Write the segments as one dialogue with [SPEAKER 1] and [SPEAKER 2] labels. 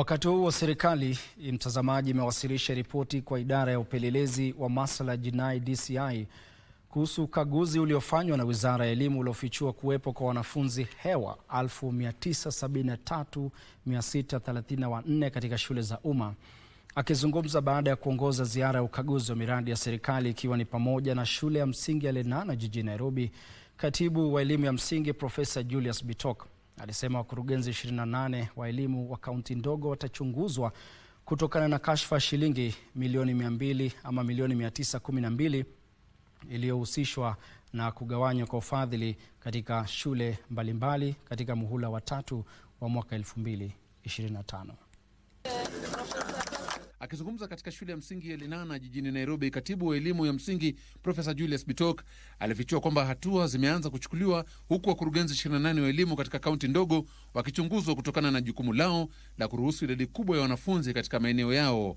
[SPEAKER 1] Wakati huo serikali mtazamaji, imewasilisha ripoti kwa idara ya upelelezi wa masuala ya jinai DCI kuhusu ukaguzi uliofanywa na Wizara ya Elimu uliofichua kuwepo kwa wanafunzi hewa 973,634 katika shule za umma. Akizungumza baada ya kuongoza ziara ya ukaguzi wa miradi ya serikali ikiwa ni pamoja na shule ya msingi ya Lenana jijini Nairobi, Katibu wa elimu ya msingi Profesa Julius Bitok Alisema wakurugenzi 28 wa elimu wa kaunti ndogo watachunguzwa kutokana na kashfa ya shilingi milioni 200 ama milioni 912 iliyohusishwa na kugawanywa kwa ufadhili katika shule mbalimbali katika muhula wa tatu wa mwaka 2025. Akizungumza katika shule ya msingi ya Linana jijini Nairobi, katibu wa elimu ya msingi Profesa Julius Bitok alifichua kwamba hatua zimeanza kuchukuliwa huku wakurugenzi 28 wa elimu katika kaunti ndogo wakichunguzwa kutokana na jukumu lao la kuruhusu idadi kubwa ya wanafunzi katika maeneo yao.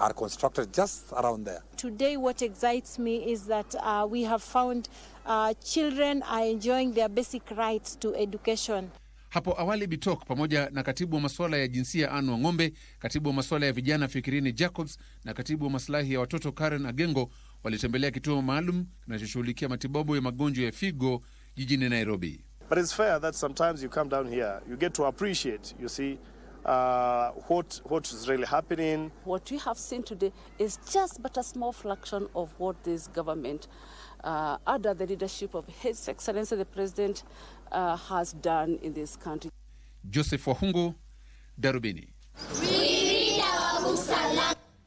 [SPEAKER 2] are constructed just around there.
[SPEAKER 3] Today, what excites me is that uh, we have found uh, children are enjoying their basic rights to education.
[SPEAKER 1] Hapo awali Bitok pamoja na katibu wa masuala ya jinsia Anwa Ng'ombe, katibu wa masuala ya vijana Fikirini Jacobs na katibu wa maslahi ya watoto Karen Agengo walitembelea kituo maalum kinachoshughulikia matibabu ya magonjwa ya figo jijini Nairobi.
[SPEAKER 4] But it's fair that sometimes you come down here, you get to appreciate, you see Uh, what, what is really happening.
[SPEAKER 5] What we have seen today is just but a small fraction of what this government uh, under the leadership of His Excellency the President uh, has done in this country.
[SPEAKER 1] Joseph Wahungu, Darubini.